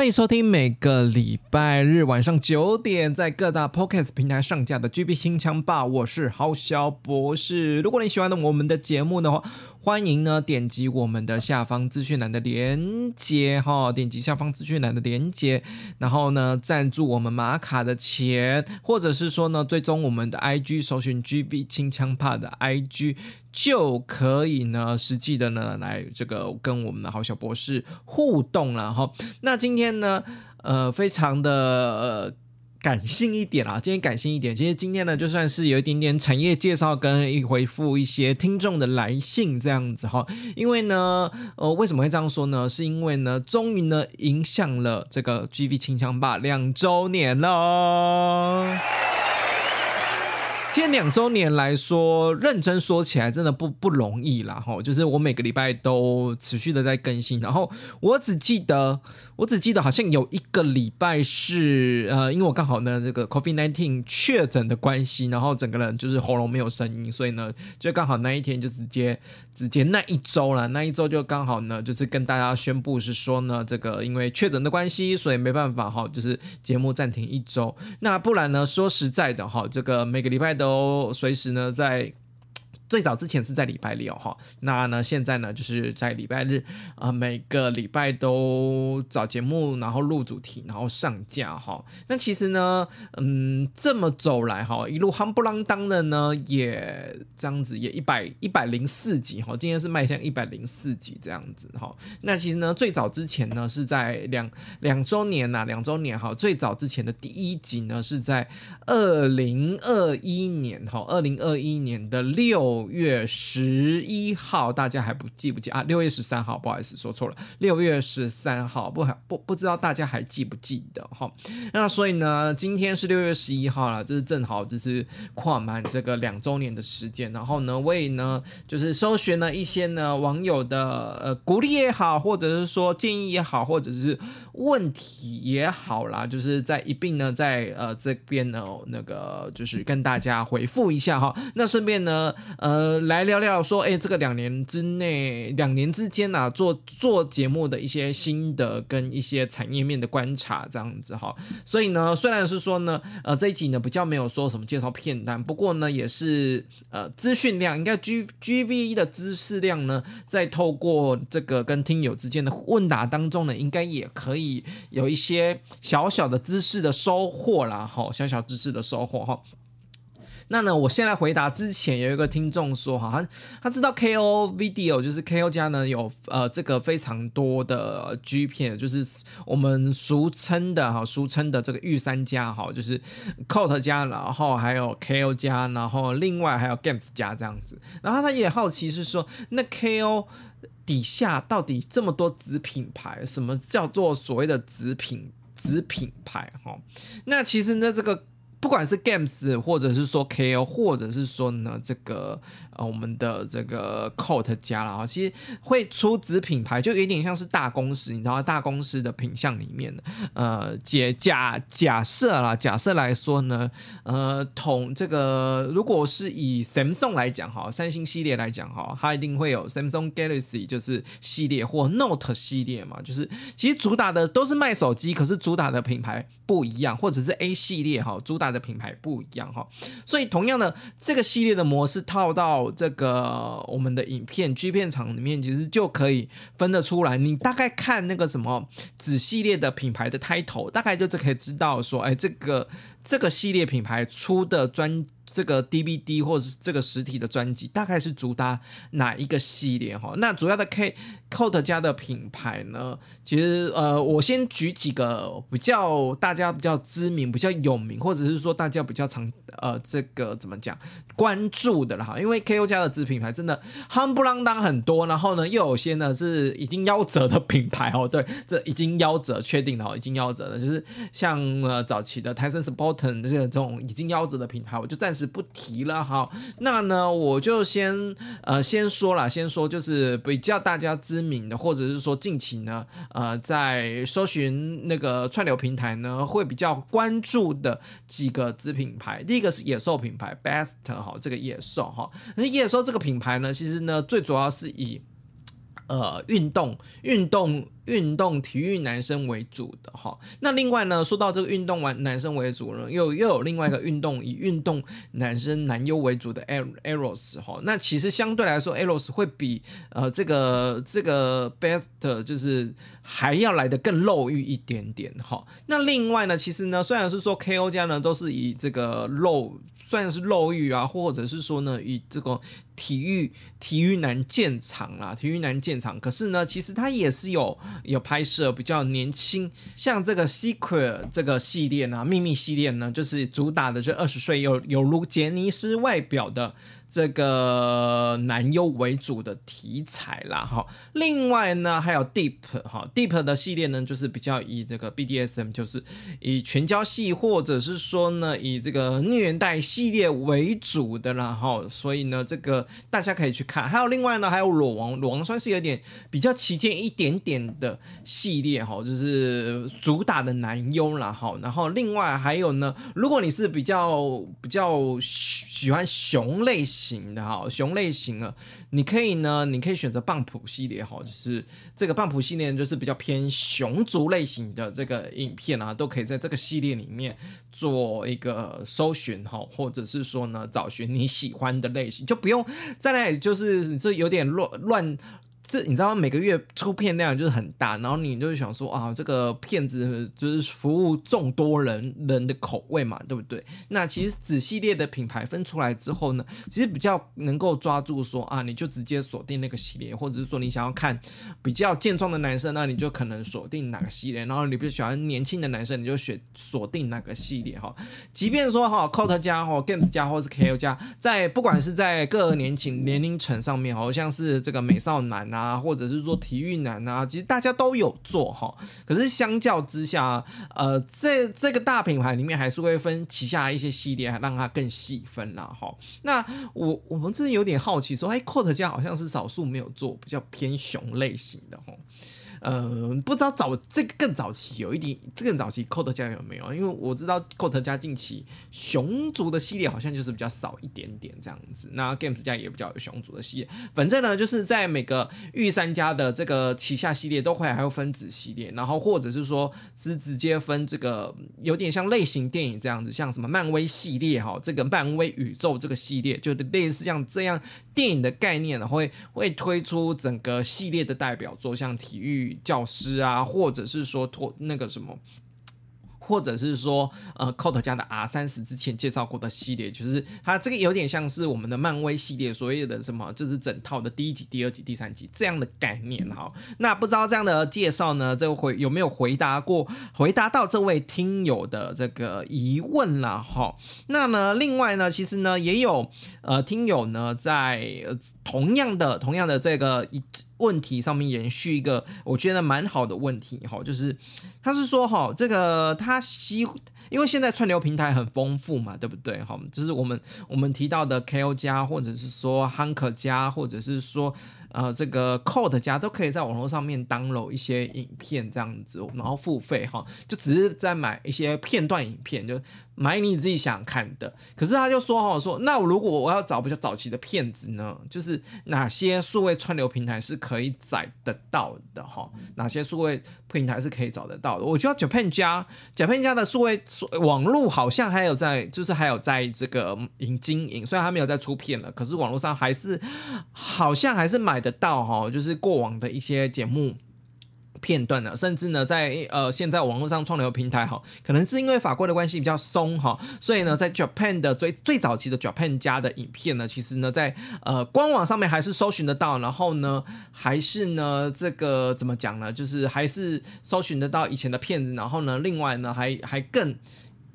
歡迎收聽每個禮拜日晚上九點在各大 Podcast 平台上架的 GV 清槍 BAR，我是豪小博士。如果你喜歡的我們的節目的話，歡迎呢，點擊我們的下方資訊欄的連接哈、哦，點擊下方資訊欄的連接，然後呢，贊助我們馬卡的錢，或者是說呢，最終我們的 I G 搜尋 GV 清槍 BAR 的 I G 就可以呢，實際的呢來這個跟我們的豪小博士互動了哈、哦。那今天呢，呃，非常的呃。感性一點啦、啊，今天感性一點。其實今天呢，就算是有一點點產業介紹，跟一回復一些聽眾的來信這樣子哈。因為呢，呃，為什麼會這樣說呢？是因為呢，終於呢，迎向了這個 GV 清槍 BAR 兩周年了今天兩周年來說，認真說起來，真的不不容易啦，哈，就是我每個禮拜都持續的在更新，然後我只記得，我只記得好像有一個禮拜是，呃，因為我剛好呢，這個 COVID-19 確診的關係，然後整個人就是喉嚨沒有聲音，所以呢，就剛好那一天就直接直接那一周了，那一周就剛好呢，就是跟大家宣布是說呢，這個因為確診的關係，所以沒辦法哈，就是節目暫停一周，那不然呢，說實在的哈，這個每個禮拜。都隨時呢在。最早之前是在禮拜六哈，那呢現在呢就是在禮拜日，啊、呃、每個禮拜都找節目，然後錄主題，然後上架哈、哦。那其實呢，嗯，這麼走來哈，一路夯不啷噹的呢，也這樣子，也一百一百零四集哈，今天是邁向一百零四集這樣子哈、哦。那其實呢，最早之前呢是在兩兩周年吶，兩周年哈、啊，最早之前的第一集呢是在二零二一年哈，二零二一年的六。五月十一號，大家還不記不記得啊？六月十三號，不好意思，說錯了。六月十三號，不不不知道大家還記不記得哈。那所以呢，今天是六月十一號了，這、就是正好，這是跨滿這個兩周年的時間。然後呢，為呢就是搜尋了一些呢網友的呃鼓勵也好，或者是說建議也好，或者是問題也好啦，就是在一併呢在呃這邊呢那個就是跟大家回復一下哈。那順便呢呃。呃，來聊聊說，哎、欸，這個兩年之內，兩年之間呢、啊，做做節目的一些心得跟一些產業面的觀察，這樣子哈。所以呢，雖然是說呢，呃，這一集呢比較沒有說什麼介紹片單，不過呢，也是呃，資訊量，應該 G G V E 的知識量呢，在透過這個跟聽友之間的問答當中呢，應該也可以有一些小小的知識的收穫啦，哈、哦，小小知識的收穫哈。哦。那呢，我先來回答。之前有一個聽眾說，哈，他他知道 K O Video 就是 K O 家呢有呃這個非常多的 G 片，就是我們俗稱的哈，俗稱的這個御三家哈，就是 Coat 家，然後還有 K O 家，然後另外還有 Games 家這樣子。然後他也好奇是說，那 K O 底下到底這麼多子品牌，什麼叫做所謂的子品子品牌哈？那其實呢，這個。不管是 games，或者是說 ko，或者是說呢，這個呃我們的這個 cort 家了啊，其實會出子品牌就有點像是大公司，你知道嗎？大公司的品項裡面的呃解假假假設啦，假設來說呢，呃同這個如果是以 samsung 來講哈，三星系列來講哈，它一定會有 samsung galaxy 就是系列或 note 系列嘛，就是其實主打的都是賣手機，可是主打的品牌不一樣，或者是 a 系列哈，主打的它的品牌不一樣哈，所以同樣的這個系列的模式套到這個我們的影片 G 片廠裡面，其實就可以分得出來。你大概看那個什麼子系列的品牌的 title，大概就是可以知道說，哎，這個這個系列品牌出的專。這個 DVD 或者是這個實體的專輯，大概是主打哪一個系列哈？那主要的 K Code 家的品牌呢？其實呃，我先舉幾個比較大家比較知名，比較有名，或者是說大家比較常呃這個怎麼講關注的啦哈。因為 K O 家的子品牌真的夯不啷噹很多，然後呢又有些呢是已經夭折的品牌哦。對，這已經夭折確定了哈，已經夭折了，就是像呃早期的 Tyson Spartan 這些這種已經夭折的品牌，我就暫時。不提了，好，那呢我就先呃先說了，先說就是比較大家知名的，或者是說近期呢呃在搜尋那個串流平台呢會比較關注的幾個子品牌，第一個是野獸品牌 Best 哈，這個野獸哈，那野獸這個品牌呢其實呢最主要是以。呃，運動運動運動，運動體育男生為主的哈、哦。那另外呢，說到這個運動完男生為主呢，又又有另外一個運動，以運動男生男優為主的 Aeros 哈、哦。那其實相對來說，Aeros 會比呃這個這個 Best 就是還要來得更肉慾一點點哈、哦。那另外呢，其實呢，雖然是說 KO 家呢都是以這個肉算是肉慾啊，或者是說呢，以這個體育體育男見長啊，體育男見長。可是呢，其實他也是有有拍攝比較年輕，像這個 Secret 這個系列呢、啊，秘密系列呢，就是主打的就二十歲，有有如傑尼斯外表的。這個男優為主的題材啦，哈、哦，另外呢還有 Deep，哈、哦，Deep 的系列呢就是比較以這個 BDSM，就是以全交系或者是說呢以這個虐待系列為主的啦，哈、哦，所以呢這個大家可以去看。還有另外呢還有裸王，裸王算是有點比較旗艦一點點的系列哈、哦，就是主打的男優啦，哈、哦，然後另外還有呢，如果你是比較比較喜歡熊類型型的哈，熊類型的，你可以呢，你可以選擇棒普系列哈，就是這個棒普系列就是比較偏熊族類型的這個影片啊，都可以在這個系列裡面做一個搜尋哈，或者是說呢，找尋你喜歡的類型，就不用再來，就是這有點亂亂。這你知道每個月出片量就是很大，然後你就會想說啊，這個片子就是服務眾多人人的口味嘛，對不對？那其實子系列的品牌分出來之後呢，其實比較能夠抓住說啊，你就直接鎖定那個系列，或者是說你想要看比較健壯的男生，那你就可能鎖定哪個系列；然後你比較喜歡年輕的男生，你就選鎖定哪個系列哈。即便說哈，COAT 家哈 GAMES 家或是 KO 家，在不管是在各年輕年齡層上面，好像是這個美少男啊。啊，或者是說，體育男啊，其實大家都有做哈。可是，相較之下，呃，這這個大品牌裡面還是會分旗下一些系列，還讓它更細分了哈。那我我們真的有點好奇，說，哎、欸、Cot 家好像是少數沒有做，比較偏熊類型的呃、嗯，不知道早這個更早期有一點，這個更早期，Cot 家有沒有？因為我知道 Cot 家近期熊族的系列好像就是比較少一點點這樣子。那 Games 家也比較有熊族的系列。反正呢，就是在每個御三家的這個旗下系列都會還有分子系列，然後或者是說是直接分這個有點像類型電影這樣子，像什麼漫威系列哈，這個漫威宇宙這個系列，就類似像這樣電影的概念，然後會會推出整個系列的代表作，做像體育。教師啊，或者是說托那個什麼，或者是說呃，code 家的 R 三十，之前介紹過的系列，就是它這個有點像是我們的漫威系列，所謂的什麼就是整套的第一集、第二集、第三集這樣的概念哈。那不知道這樣的介紹呢，這回有沒有回答過回答到這位聽友的這個疑問了哈？那呢，另外呢，其實呢也有呃聽友呢在同樣的同樣的這個一。問題上面延續一個，我覺得蠻好的問題哈，就是他是說哈，這個他希因為現在串流平台很豐富嘛，對不對哈？就是我們我們提到的 K O 加，或者是說 hunk 加，或者是說呃這個 code 加，都可以在網絡上面 download 一些影片這樣子，然後付費哈，就只是在買一些片段影片就，買你自己想看的，可是他就說齁，說那我如果我要找比較早期的片子呢，就是哪些數位串流平台是可以載得到的齁？哪些數位平台是可以找得到的？我覺得 Japan 家，Japan 家的數位網絡好像還有在，就是還有在這個營經營，雖然他沒有在出片了，可是網絡上還是好像還是買得到齁，就是過往的一些節目。片段呢，甚至呢，在呃現在網絡上串流平台哈，可能是因為法規的關係比較鬆哈，所以呢，在 Japan 的最最早期的 Japan 家的影片呢，其實呢在呃官網上面還是搜尋得到，然後呢還是呢這個怎麼講呢，就是還是搜尋得到以前的片子，然後呢，另外呢還還更。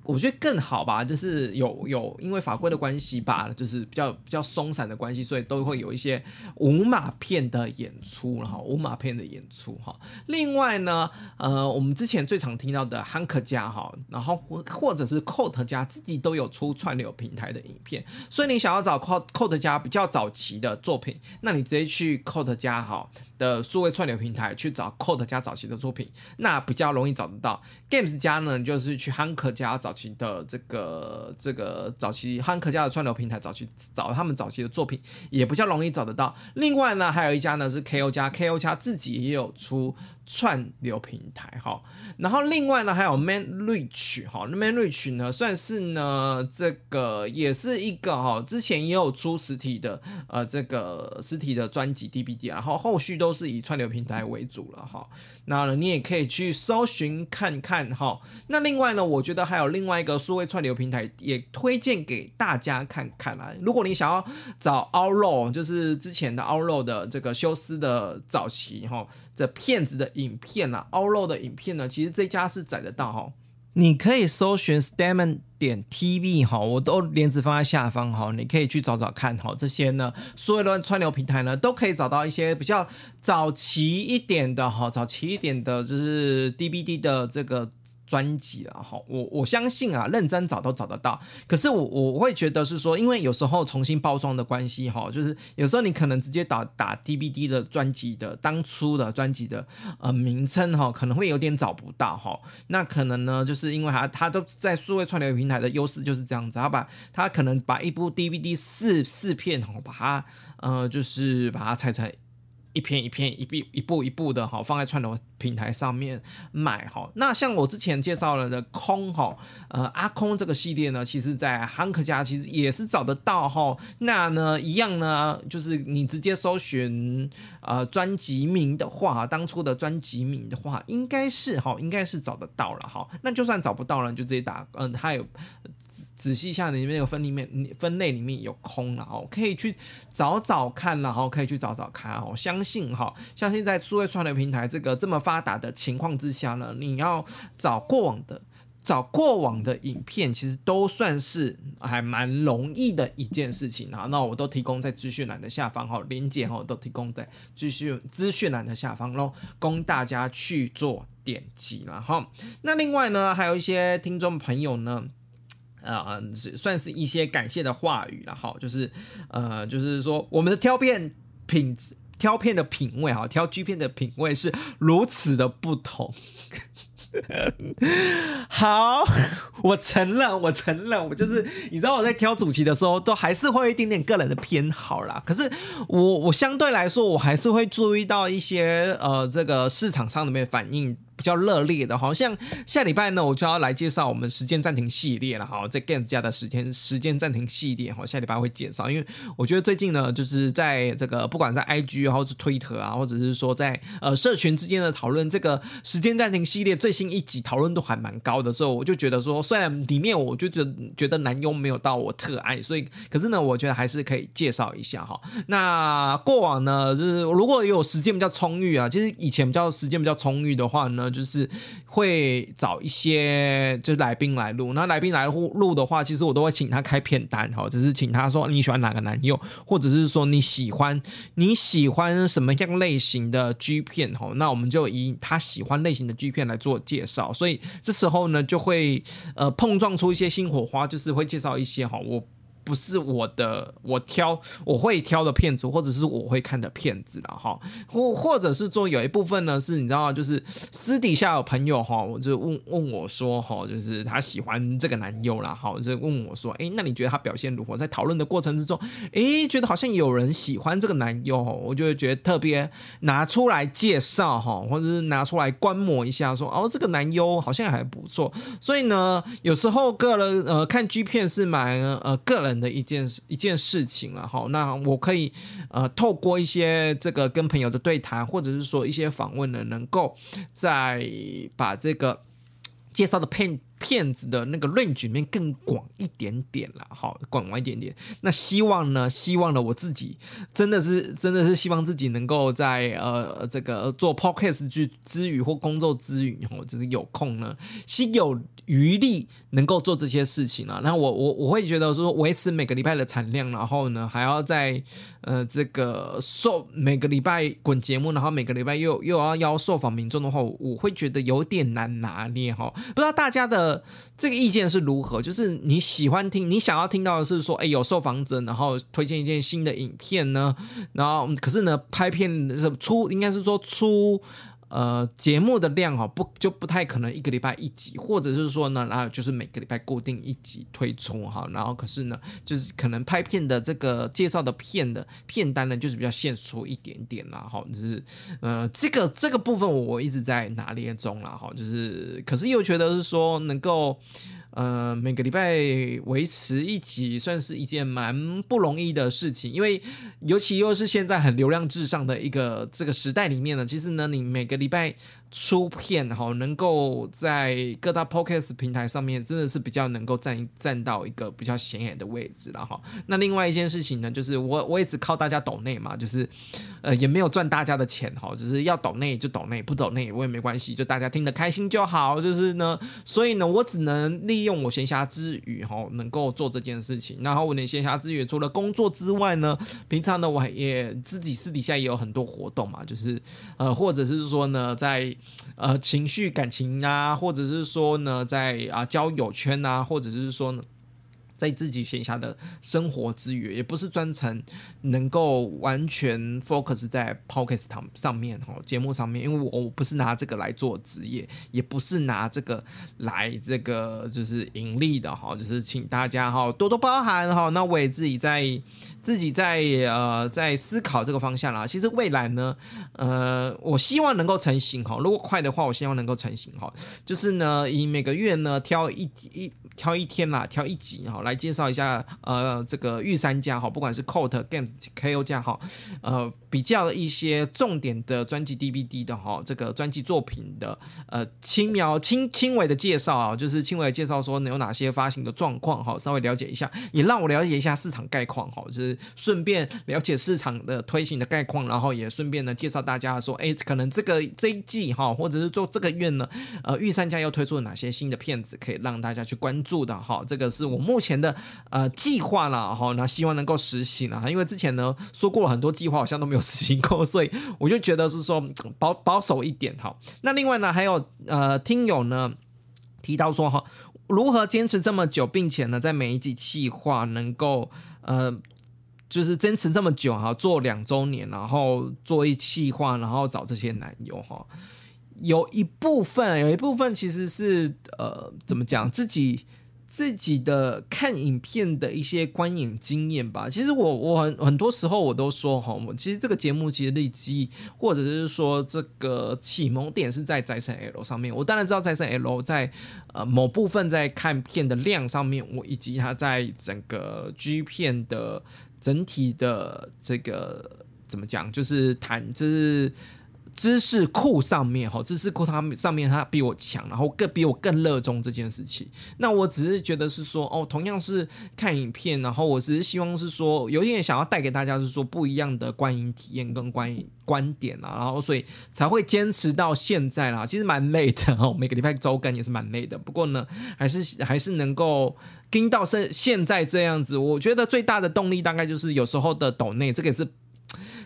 我覺得更好吧，就是有有因為法規的關係吧，就是比較比較鬆散的關係，所以都會有一些無碼片的演出，然後無碼片的演出哈。另外呢，呃，我們之前最常聽到的漢克家哈，然後或者是 Cot 家自己都有出串流平台的影片，所以你想要找 Cot Cot 家比較早期的作品，那你直接去 Cot 家哈的數位串流平台去找 Cot 家早期的作品，那比較容易找得到。Games 家呢，就是去漢克家找。的這個這個早期漢克家的串流平台，早期找他們早期的作品也比較容易找得到。另外呢，還有一家呢是 K O 家，K O 家自己也有出。串流平台哈，然後另外呢，還有 Man Reach 哈、哦，Man Reach 呢算是呢這個也是一個哈，之前也有出實體的呃這個實體的專輯 DVD，然後後續都是以串流平台為主了哈。那你也可以去搜尋看看哈、哦。那另外呢，我覺得還有另外一個數位串流平台也推薦給大家看看啦。如果你想要找 Outro，就是之前的 Outro 的這個休斯的早期哈、哦、這片子的。影片啊，a l l 的影片呢、啊，其實這家是載得到哈、哦，你可以搜尋 Stamen 點 TV 哈，我都鏈接放在下方哈，你可以去找找看哈。這些呢，所有的串流平台呢，都可以找到一些比較早期一點的哈，早期一點的就是 DVD 的這個專輯啊，哈。我我相信啊，認真找都找得到。可是我我會覺得是說，因為有時候重新包裝的關係哈，就是有時候你可能直接打打 DVD 的專輯的當初的專輯的呃名稱哈，可能會有點找不到哈。那可能呢，就是因為它他都在數位串流平台平台的優勢就是這樣子，他把他可能把一部 DVD 四四片吼，把它呃，就是把它拆成，一篇一篇一筆一步一步的好，放在串流平台上面買哈。那像我之前介紹了的空哈，呃，阿空這個系列呢，其實在漢克家其實也是找得到哈。那呢，一樣呢，就是你直接搜尋呃專輯名的話，當初的專輯名的話，應該是哈，應該是找得到了哈。那就算找不到了，就直接打嗯、呃，他有。仔細一下，裡面有分，裡面，分類裡面有空了哦，可以去找找看，然後可以去找找看哦。我相信哈，相信在數位傳媒平台這個這麼發達的情況之下呢，你要找過往的、找過往的影片，其實都算是還蠻容易的一件事情哈，那我都提供在資訊欄的下方哈，鏈接哈都提供在資訊資訊欄的下方嘍，供大家去做點擊了哈。那另外呢，還有一些聽眾朋友呢。呃，算是一些感謝的話語了哈，然後就是呃，就是說我們的挑片品質、挑片的品味哈，挑 G 片的品味是如此的不同。 好，我承認，我承認，我就是你知道我在挑主題的時候，都還是會有一點點個人的偏好啦。可是我，我相對來說，我還是會注意到一些呃，這個市場上的反應。比較熱烈的，好像下禮拜呢，我就要來介紹我們時間暫停系列了哈，在 Gans 家的時間時間暫停系列哈，下禮拜會介紹。因為我覺得最近呢，就是在這個不管在 IG 或者是 Twitter 啊，或者是說在呃社群之間的討論，這個時間暫停系列最新一集討論度還蠻高的，所以我就覺得說，雖然裡面我就覺得覺得男優沒有到我特愛，所以可是呢，我覺得還是可以介紹一下哈。那過往呢，就是如果有時間比較充裕啊，其實以前比較時間比較充裕的話呢。就是會找一些就是來賓來錄，那來賓來錄錄的話，其實我都會請他開片單哈，只是請他說你喜歡哪個男優，或者是說你喜歡你喜歡什麼樣類型的 G 片哈，那我們就以他喜歡類型的 G 片來做介紹，所以這時候呢就會呃碰撞出一些新火花，就是會介紹一些哈我。不是我的，我挑，我會挑的片子，或者是我會看的片子啦哈，或、或者是說有一部分呢，是你知道、啊，就是私底下有朋友哈，我就問問我說哈，就是他喜歡這個男優啦。哈，就問我說，哎、欸，那你覺得他表現如何？在討論的過程之中，哎、欸，覺得好像有人喜歡這個男優，我就會覺得特別拿出來介紹哈，或者是拿出來觀摩一下說，說哦，這個男優好像還不錯，所以呢，有時候個人呃看 G 片是蠻呃個人。的一件事一件事情了，啊，好，那我可以呃透過一些這個跟朋友的對談，或者是說一些訪問呢，能夠再把這個介紹的、片騙子的那個 range 裡面更廣一點點啦，好，廣一點點。那希望呢？希望呢？我自己真的是，真的是希望自己能夠在呃這個做 podcast 之之餘或工作之餘，哈、哦，就是有空呢，心有餘力，能夠做這些事情啊。然後我我我會覺得說，維持每個禮拜的產量，然後呢，還要在呃這個受每個禮拜滾節目，然後每個禮拜又又要邀受訪民眾的話我，我會覺得有點難拿捏哈、哦。不知道大家的。這個意見是如何？就是你喜歡聽，你想要聽到的是說，哎，有受訪者，然後推薦一件新的影片呢？然後，可是呢，拍片出，應該是說出。呃，節目的量哈、哦，不就不太可能一個禮拜一集，或者是說呢，然後就是每個禮拜固定一集推出哈，然後可是呢，就是可能拍片的這個介紹的片的片單呢，就是比較限縮一點點啦哈，就是呃，這個這個部分我一直在拿捏中啦哈，就是可是又覺得是說能夠。呃，每個禮拜維持一集，算是一件蠻不容易的事情，因為尤其又是現在很流量至上的一個這個時代裡面呢，其實呢，你每個禮拜出片哈，能夠在各大 podcast 平台上面，真的是比較能夠站一站到一個比較顯眼的位置了哈。那另外一件事情呢，就是我我也只靠大家抖內嘛，就是呃，也沒有賺大家的錢哈，只，就是要抖內就抖內，不抖內我也沒關係，就大家聽得開心就好，就是呢，所以呢，我只能立。用我閒暇之餘哈，能夠做這件事情。然後我的閒暇之餘，除了工作之外呢，平常呢，我也自己私底下也有很多活動嘛，就是呃，或者是說呢，在呃情緒感情啊，或者是說呢，在啊、呃、交友圈啊，或者是說呢。在自己閒暇的生活之餘，也不是專程能夠完全 focus 在 podcast 上面哈，節目上面，因為我，我不是拿這個來做職業，也不是拿這個來這個就是盈利的哈，就是請大家哈多多包涵哈。那我也自己在自己在呃在思考這個方向啦。其實未來呢，呃，我希望能夠成型哈，如果快的話，我希望能夠成型哈。就是呢，以每個月呢挑一一。挑一天啦，挑一集哈，來介紹一下呃，這個御三家哈，不管是 Cold Games、K.O. 加哈，呃，比較一些重點的專輯 DVD 的哈，這個專輯作品的呃輕描輕輕微的介紹啊，就是輕微的介紹說能有哪些發行的狀況哈，稍微了解一下，也讓我了解一下市場概況哈，就是順便了解市場的推行的概況，然後也順便呢介紹大家說，哎，可能這個這一季哈，或者是做這個月呢，呃，御三家又推出了哪些新的片子可以讓大家去關注。住的哈，這個是我目前的呃計劃啦。哈，那希望能夠實行了、啊、哈，因為之前呢說過了很多計劃，好像都沒有實行過。所以我就覺得是說保保守一點哈。那另外呢還有呃聽友呢提到說哈，如何堅持這麼久，並且呢在每一期計劃能夠呃就是堅持這麼久哈，做兩週年，然後做一企劃，然後找這些男友哈。有一部分，有一部分其實是呃，怎麼講，自己自己的看影片的一些觀影經驗吧。其實我我很、很多時候我都說哈，我其實這個節目其實以及或者是說這個啟蒙點是在財神 L 上面。我當然知道財神 L 在呃某部分在看片的量上面，我以及他在整個 G 片的整體的這個怎麼講，就是談就是。知識庫上面哈，知識庫它上面它比我強，然後更比我更熱衷這件事情。那我只是覺得是說哦，同樣是看影片，然後我只是希望是說有一點想要帶給大家是說不一樣的觀影體驗跟觀影觀點啊，然後所以才會堅持到現在啦。其實蠻累的哈、哦，每個禮拜週更也是蠻累的。不過呢，還是還是能夠跟到現現在這樣子。我覺得最大的動力大概就是有時候的抖內，這個也是。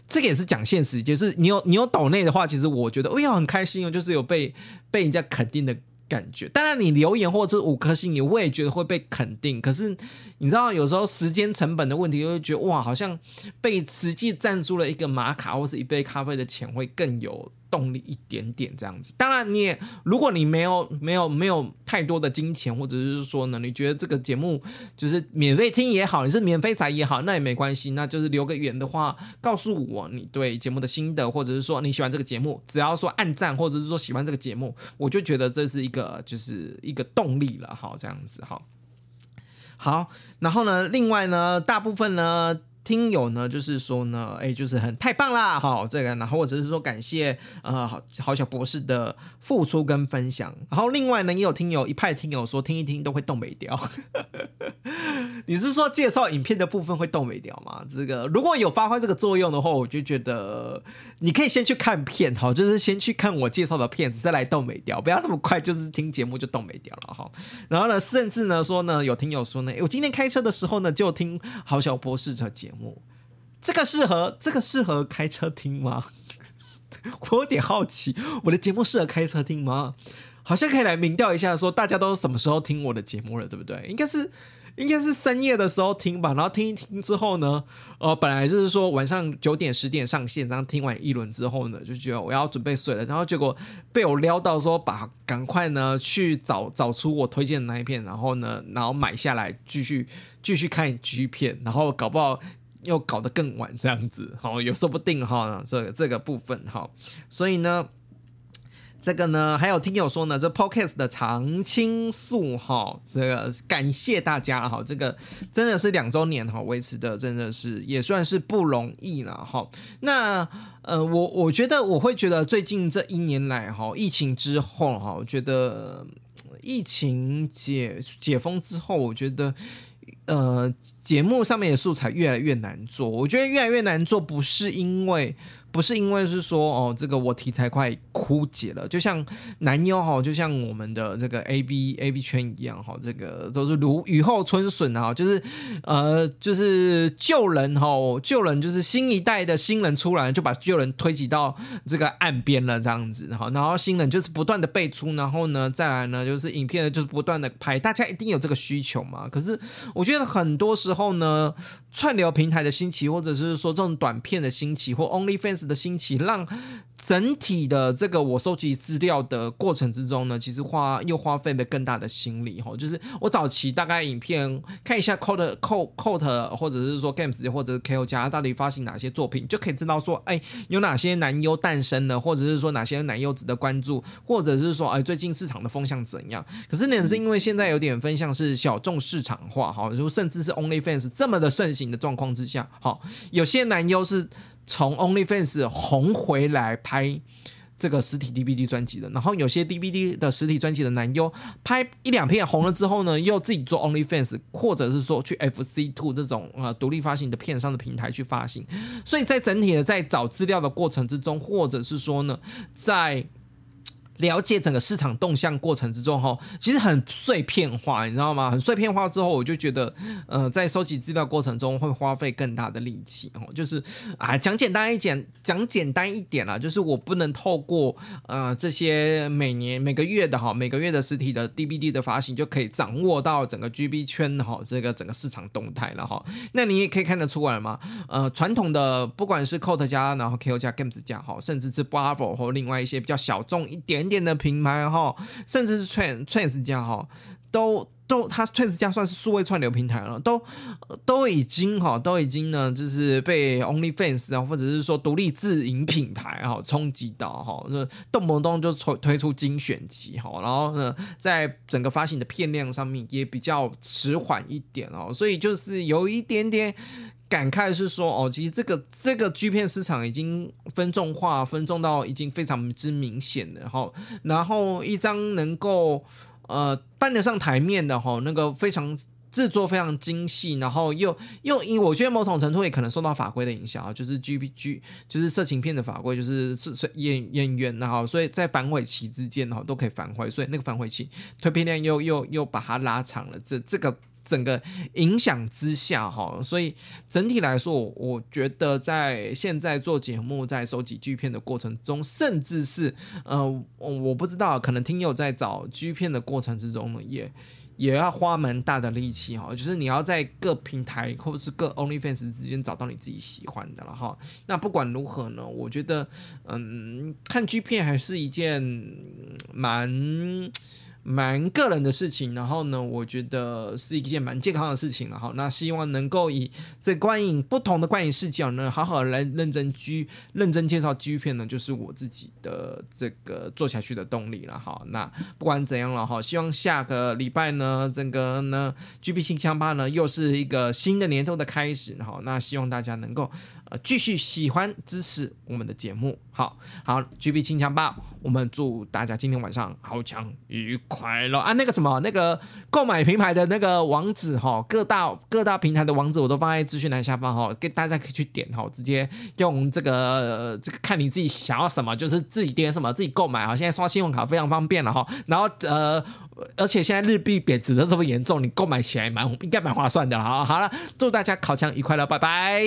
這個也是講現實，就是你有你有斗內的話，其實我覺得哎呀，很開心哦，就是有被被人家肯定的感覺。當然你留言或者五顆星，你我也覺得會被肯定。可是你知道有時候時間成本的問題，我就會覺得哇，好像被實際贊助了一個瑪卡或是一杯咖啡的錢會更有。動力一點點這樣子，當然你也，如果你沒有沒有沒有太多的金錢，或者是說呢，你覺得這個節目就是免費聽也好，你是免費仔也好，那也沒關係，那就是留個言的話，告訴我你對節目的心得，或者是說你喜歡這個節目，只要說按讚，或者是說喜歡這個節目，我就覺得這是一個就是一個動力了，好這樣子，哈，好，然後呢，另外呢，大部分呢。聽友呢，就是說呢，哎，就是很太棒啦，好這個，然後我只是說感謝呃，好好小博士的付出跟分享，然後另外呢也有聽友一派聽友說聽一聽都會凍未條， 你是說介紹影片的部分會凍未條嗎？這個如果有發揮這個作用的話，我就覺得你可以先去看片哈，就是先去看我介紹的片子，再來凍未條，不要那麼快就是聽節目就凍未條了哈。然後呢，甚至呢說呢有聽友說呢，我今天開車的時候呢就聽好小博士的節目。這個適合這個適合開車聽嗎？ 我有點好奇，我的節目適合開車聽嗎？好像可以來民調一下說，說大家都什麼時候聽我的節目了，對不對？應該是應該是深夜的時候聽吧。然後聽一聽之後呢，呃，本來就是說晚上九點十點上線，然後聽完一輪之後呢，就覺得我要準備睡了。然後結果被我撩到說把，把趕快呢去找找出我推薦的那一片，然後呢，然後買下來繼續繼續看 G 片，然後搞不好。又搞得更晚這樣子，好，有說不定哈。這個、這個部分哈，所以呢，這個呢，還有聽友說呢，這 podcast 的常青樹哈，這個感謝大家哈。這個真的是兩周年哈，維持的真的是也算是不容易了哈。那呃，我我覺得我會覺得最近這一年來哈，疫情之後哈，我覺得疫情解解封之後，我覺得。呃，節目上面的素材越來越難做，我覺得越來越難做，不是因為。不是因為是說哦，這個我題材快枯竭了，就像男優哈，就像我們的這個 A B A B 圈一樣哈，這個都是如雨後春筍啊，就是呃，就是舊人哈，舊人就是新一代的新人出來，就把舊人推擠到這個岸邊了這樣子哈，然後新人就是不斷的輩出，然後呢，再來呢就是影片呢就是不斷的拍，大家一定有這個需求嘛，可是我覺得很多時候呢。串流平台的興起，或者是說這種短片的興起，或 OnlyFans 的興起，讓整體的這個我收集資料的過程之中呢，其實花又花費了更大的心力。哈，就是我早期大概影片看一下 Code Code Code，或者是說 Games，或者是 KO 家到底發行哪些作品，就可以知道說，哎、欸，有哪些男優誕生了，或者是說哪些男優值得關注，或者是說，哎、欸，最近市場的風向怎樣？可是呢，是因為現在有點分，像是小眾市場化，哈，就甚至是 OnlyFans 這麼的盛行。的狀況之下，好，有些男優是從 OnlyFans 紅回來拍這個實體 DVD 專輯的，然後有些 DVD 的實體專輯的男優拍一兩片紅了之後呢，又自己做 OnlyFans，或者是說去 FC2 這種呃獨立發行的片商的平台去發行，所以在整體的在找資料的過程之中，或者是說呢，在了解整個市場動向過程之中哈，其實很碎片化，你知道嗎？很碎片化之後，我就覺得，呃，在收集資料過程中會花費更大的力氣哦。就是啊，講簡單一點，講簡單一點啦、啊，就是我不能透過呃這些每年每個月的哈，每個月的實體的 DVD 的發行就可以掌握到整個 GV 圈哈這個整個市場動態了哈。那你也可以看得出來嗎？呃，傳統的不管是 Coat 家，然後 Ko 家、Games 家哈，甚至是 Bravo 或另外一些比較小眾一點。店的品牌哈，甚至是串串世家哈，都都他串世家算是數位串流平台了，都都已經哈，都已經呢，就是被 OnlyFans 啊，或者是說獨立自營品牌哈衝擊到哈，那動不動就推推出精選集哈，然後呢，在整個發行的片量上面也比較遲緩一點哦，所以就是有一點點。感慨是說哦，其實這個這個 G 片市場已經分眾化，分眾到已經非常之明顯了哈。然後一張能夠呃搬得上台面的哈，那個非常制作非常精細，然後又又因我覺得某種程度也可能受到法規的影響啊，就是 GPG 就是色情片的法規，就是是演演員然後所以在反悔期之間哈都可以反悔，所以那個反悔期退片量又又又把它拉長了，這這個。整個影響之下，哈，所以整體來說，我覺得在現在做節目、在收集 G 片的過程中，甚至是，呃，我不知道，可能聽友在找 G 片的過程之中呢，也也要花蠻大的力氣，哈，就是你要在各平台或是各 OnlyFans 之間找到你自己喜歡的了，哈。那不管如何呢，我覺得，嗯，看 G 片還是一件蠻。蠻個人的事情，然後呢，我覺得是一件蠻健康的事情了哈。那希望能夠以這觀影不同的觀影視角呢，好好來認真劇、認真介紹 G 片呢，就是我自己的這個做下去的動力了哈。那不管怎樣了哈，希望下個禮拜呢，這個呢，GV 清槍 BAR 呢，又是一個新的年頭的開始哈。那希望大家能夠呃繼續喜歡支持我們的節目，好好 GV 清槍 BAR，我們祝大家今天晚上好強愉快了啊，那個什麼，那個購買平台的那個網址哈、哦，各大各大平台的網址我都放在資訊欄下方哈、哦，跟大家可以去點哈、哦，直接用這個這個看你自己想要什麼，就是自己點什麼，自己購買哈、哦。現在刷信用卡非常方便了哈、哦，然後呃，而且現在日幣貶值的這麼嚴重，你購買起來蠻應該蠻划算的了、哦。好了，祝大家尻槍愉快了，拜拜。